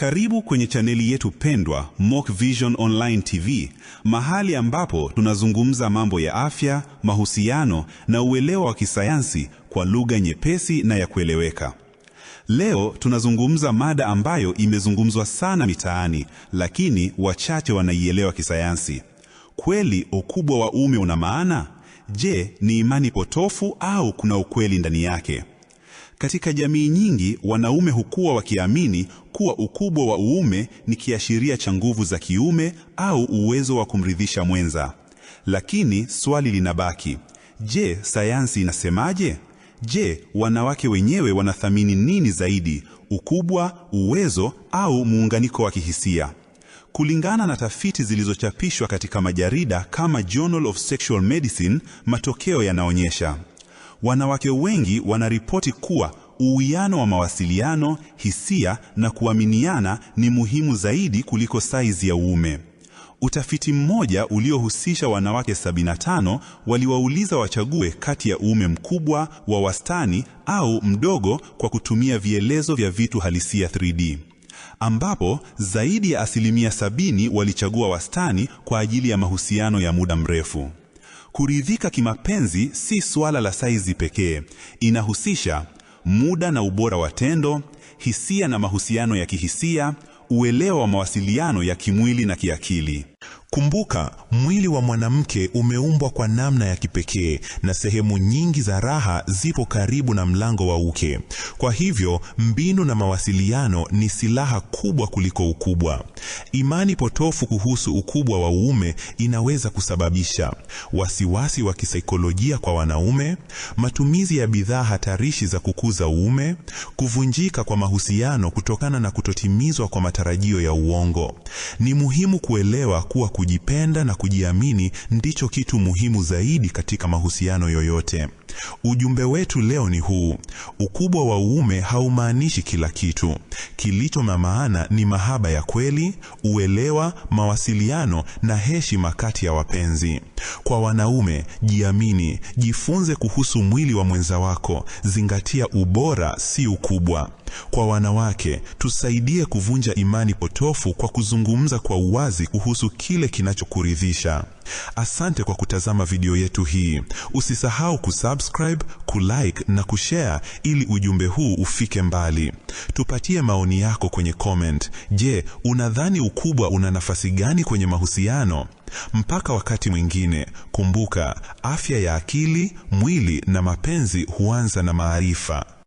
Karibu kwenye chaneli yetu pendwa Mock Vision Online TV, mahali ambapo tunazungumza mambo ya afya, mahusiano na uelewa wa kisayansi kwa lugha nyepesi na ya kueleweka. Leo tunazungumza mada ambayo imezungumzwa sana mitaani, lakini wachache wanaielewa kisayansi. Kweli ukubwa wa uume una maana? Je, ni imani potofu au kuna ukweli ndani yake? Katika jamii nyingi, wanaume hukuwa wakiamini kuwa ukubwa wa uume ni kiashiria cha nguvu za kiume au uwezo wa kumridhisha mwenza. Lakini swali linabaki, je, sayansi inasemaje? Je, wanawake wenyewe wanathamini nini zaidi, ukubwa, uwezo au muunganiko wa kihisia? Kulingana na tafiti zilizochapishwa katika majarida kama Journal of Sexual Medicine, matokeo yanaonyesha Wanawake wengi wanaripoti kuwa uwiano wa mawasiliano, hisia na kuaminiana ni muhimu zaidi kuliko saizi ya uume. Utafiti mmoja uliohusisha wanawake 75 waliwauliza wachague kati ya uume mkubwa, wa wastani au mdogo kwa kutumia vielezo vya vitu halisia 3D ambapo zaidi ya asilimia sabini walichagua wastani kwa ajili ya mahusiano ya muda mrefu. Kuridhika kimapenzi si suala la saizi pekee, inahusisha muda na ubora wa tendo, hisia na mahusiano ya kihisia, uelewa wa mawasiliano ya kimwili na kiakili. Kumbuka, mwili wa mwanamke umeumbwa kwa namna ya kipekee na sehemu nyingi za raha zipo karibu na mlango wa uke. Kwa hivyo, mbinu na mawasiliano ni silaha kubwa kuliko ukubwa. Imani potofu kuhusu ukubwa wa uume inaweza kusababisha wasiwasi wa kisaikolojia kwa wanaume, matumizi ya bidhaa hatarishi za kukuza uume, kuvunjika kwa mahusiano kutokana na kutotimizwa kwa matarajio ya uongo. Ni muhimu kuelewa kuwa kujipenda na kujiamini ndicho kitu muhimu zaidi katika mahusiano yoyote. Ujumbe wetu leo ni huu: ukubwa wa uume haumaanishi kila kitu. Kilicho na maana ni mahaba ya kweli, uelewa, mawasiliano na heshima kati ya wapenzi. Kwa wanaume, jiamini, jifunze kuhusu mwili wa mwenza wako, zingatia ubora, si ukubwa. Kwa wanawake, tusaidie kuvunja imani potofu kwa kuzungumza kwa uwazi kuhusu kile kinachokuridhisha. Asante kwa kutazama video yetu hii. Usisahau kusubscribe, kulike na kushare ili ujumbe huu ufike mbali. Tupatie maoni yako kwenye comment. Je, unadhani ukubwa una nafasi gani kwenye mahusiano? Mpaka wakati mwingine, kumbuka afya ya akili, mwili na mapenzi huanza na maarifa.